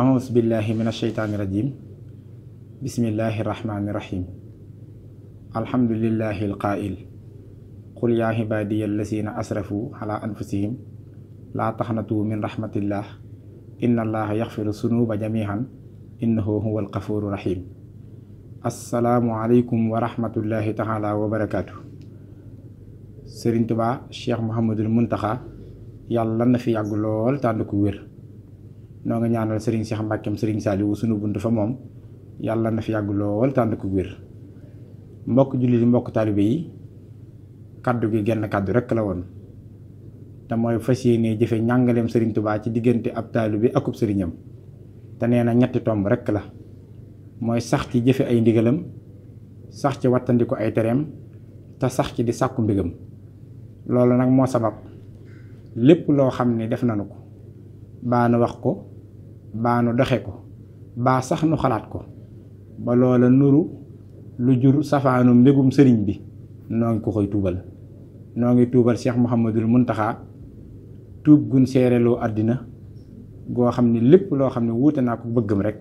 أعوذ بالله من الشيطان الرجيم بسم الله الرحمن الرحيم الحمد لله القائل قل يا عبادي الذين أسرفوا على أنفسهم لا تقنطوا من رحمة الله إن الله يغفر الذنوب جميعا إنه هو الغفور الرحيم السلام عليكم ورحمة الله تعالى وبركاته سيرين تبع الشيخ محمد المنتخى yàlla نفي fi yàgg lool noo nga ñaanal Serigne Cheikh Mbackeem Serigne Saliou sunu bunt fa moom yàlla na fi yàgg lool tànn ko wér mbokk jullit yi mbokk taalibe yi kaddu gi genn kàddu rek la woon te mooy fas yéene jëfe njàngaleem sëriñ tubaa ci diggante ab taalibe akub sëriñam te nee na ñetti tomb rek la mooy sax ci jëfe ay ndigalam sax ci wattandiku ay tereem te sax ci di sàkku mbigam loolu nag moo sabab lépp loo xam ne def nanu ko baana wax ko baa nu doxe ko baa sax nu xalaat ko ba loola nuru lu jur safaanu mbégum sëriñ bi noo ngi ko koy tuubal noo ngi tuubal Cheikh Mouhamadul Muntaxa tuub gun seereloo àddina goo xam ne lépp loo xam ne wuute naa ko bëggam rek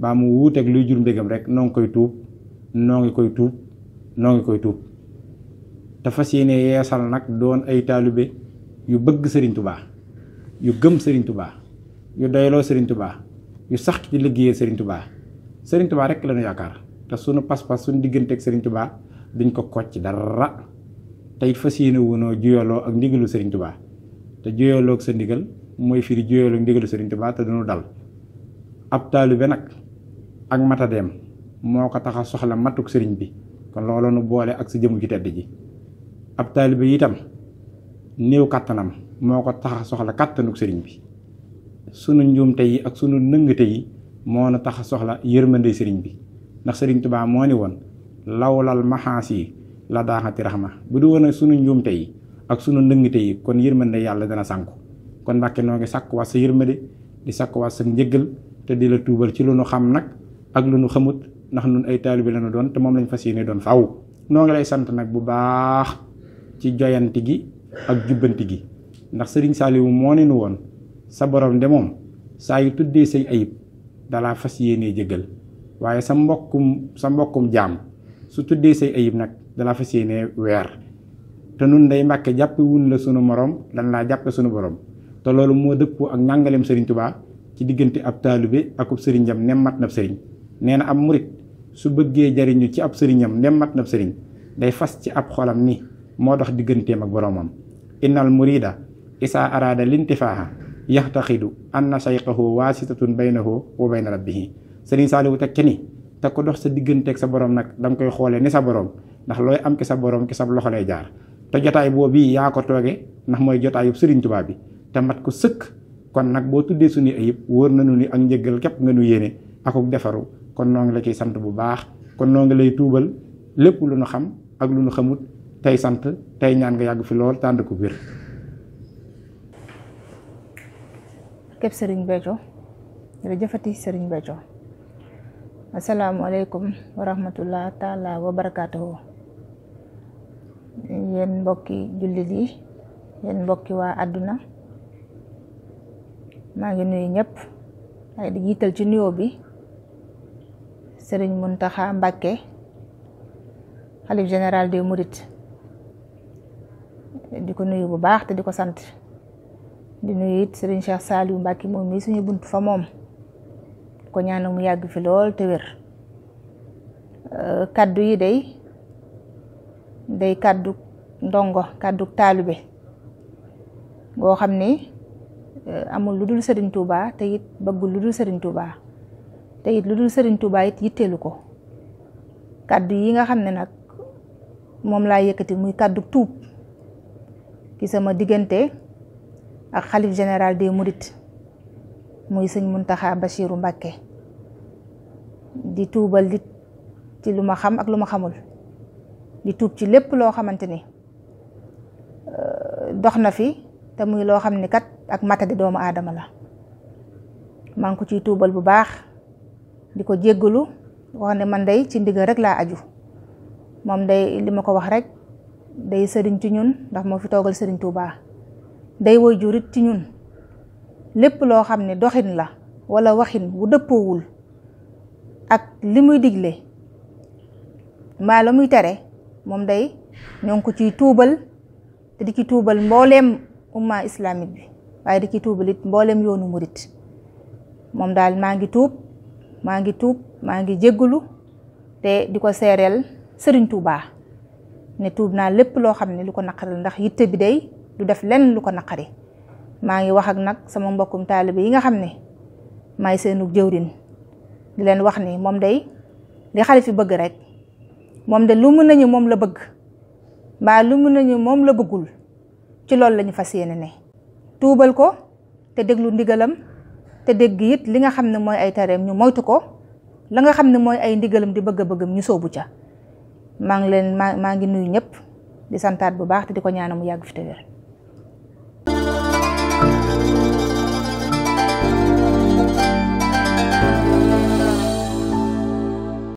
baa mu wuuteeg luy jur mbégam rek noo ngi koy tuub noo ngi koy tuub noo ngi koy tuub dafa fas yéene yeesal nag doon ay taalibe yu bëgg Sëriñ Tubaa yu gëm Sëriñ Tubaa yu doylo Serigne Touba yu sax ci liggéeyee Serigne Touba Serigne Touba rek lañu ñu ta sunu pas-pas sunu ak Serigne Touba duñ ko kocc dara tay fasiyene wono juyolo ak ndigalu Serigne Touba te juyolo ak sa ndigal mooy firi juyolo ak ndigalu Serigne Touba te dañu dal ab talibé nak ak mata dem moko taxa soxla matuk Serigne bi kon lolo nu boole ak sa jëm ci tedd ji ab talibé itam new katanam moko taxa soxla katanuk Serigne bi. sunu njuumte yi ak sunu nëngte yi moo na tax soxla yërmande sëriñ bi ndax sëriñ Tuubaa moo ni woon lawlal maxaas yi la rax ma bu du woon sunu njuumte yi ak sunu nëngte yi kon yërmande yàlla dana sànku kon Mbàkke noo ngi sàkkuwaat sa yërmande di sàkkuwaat sa njëgal te di la tuubal ci lu nu xam nag ak lu nu xamut ndax nun ay taalibe la nu doon te moom lañ fas yéene doon faw noo ngi lay sant nag bu baax ci joyanti gi ak jubbanti gi ndax sëriñ Saaliwu moo ne woon sa borom de moom saa yu tuddee say ayib dalaa fas yéenee jëggal waaye sa mbokkum sa mbokkum jaam su tuddee say ayib nag dalaa fas yéenee weer te nun day mbàkke jàpp la sunu moroom dan laa jàppe sunu borom te loolu moo dëppoo ak njàngaleem sëriñ Tubaa ci diggante ab taalibe akub sëriñam ne mat nab sëriñ nee na am murit su bëggee jariñu ci ab sëriñam ne mat nab sëriñ day fas ci ab xolam ni moo dox digganteem ak boroomam innal murida isaa araada am na yaxtaxidu anna sayqahu waasitatun baynahu wa bayna rabbihi sëriñ Saaliwu teg ci ni te ko dox sa digganteeg sa borom nag da koy xoole ni sa borom ndax looy am ki sa boroom ki sa loxo lay jaar te jotaay boobu yaa ko tooge ndax mooy jotaayub sëriñ Tuubaa bi te mat ko sëkk kon nag boo tuddee suñu ayib wóor nañu ni ak njëggal képp nga nu yéene akuk defaru kon noo la ciy sant bu baax kon noo lay tuubal lépp lu nu xam ak lu nu xamut tey sant tey ñaan nga yàgg fi lool tànd ko biir képp dara Béthio serigne bejo. assalamu alaykum wa rahmatullah taala wa barakatuh yen mbokki julli li yen mbokki wa aduna ma ngi nuyu ñep ay di yital ci Sering bi serigne muntaha general khalif general de mouride di nuyu bu baax te di sante di nuyu it Serigne Cheikh Saliou Mbacke moom mii suñu bunt fa moom ko ñaanal yàgg fi lool te wér euh, kaddu yi day day kàddu ndongo kaddu taalibe goo xam ni euh, amul lu dul Serigne Touba te it bëggul lu dul Serigne Touba te it lu dul Serigne Touba it yitteelu ko kaddu yi nga xam ne nag moom laa yëkkati muy kàddu tuub ki sama diggante. ak xalif general des mourid muy seigne muntaha bashirou mbake di tubal di ci luma xam ak lu xamul di toub ci lepp lo xamanteni euh doxna fi te muy lo xamni kat ak matadi doomu adama la maa ko ci toubal bu baax di ko waxne ne man day ci ndiga rek la aju mom day limako wax rek day serigne ci ñun ndax mo fi togal serigne touba day woy jurit ci ñun lépp loo xam ne doxin la wala waxin wu dëppoowul ak li muy digle maa la muy tere moom day ñoo ko ciy tuubal te di ci tuubal mbooleem umma islamique bi waaye di ci tuubal mbooleem yoonu murit moom daal maa ngi tuub maa ngi tuub maa ngi jéggulu te di ko seereel sëriñ Tuubaa ne tuub naa lépp loo xam ne lu ko naqaral ndax yitte bi day du def lenn lu ko naqari maa ngi wax ak nag sama mbokkum taalibe yi nga xam ne maay seenu jëwrin di leen wax ni moom dey li xale fi bëgg rek moom de lu mun nañu moom la bëgg mbaa lu mun nañu moom la bëggul ci loolu lañu fas yéene ne tuubal ko te déglu ndigalam te dégg it li nga xam ne mooy ay tareem ñu moytu ko la nga xam ne mooy ay ndigalam di bëgg bëggam ñu soobu ca maa ngi leen maa maa ngi nuyu ñëpp di santaat bu baax te di ko ñaanal mu yàgg fi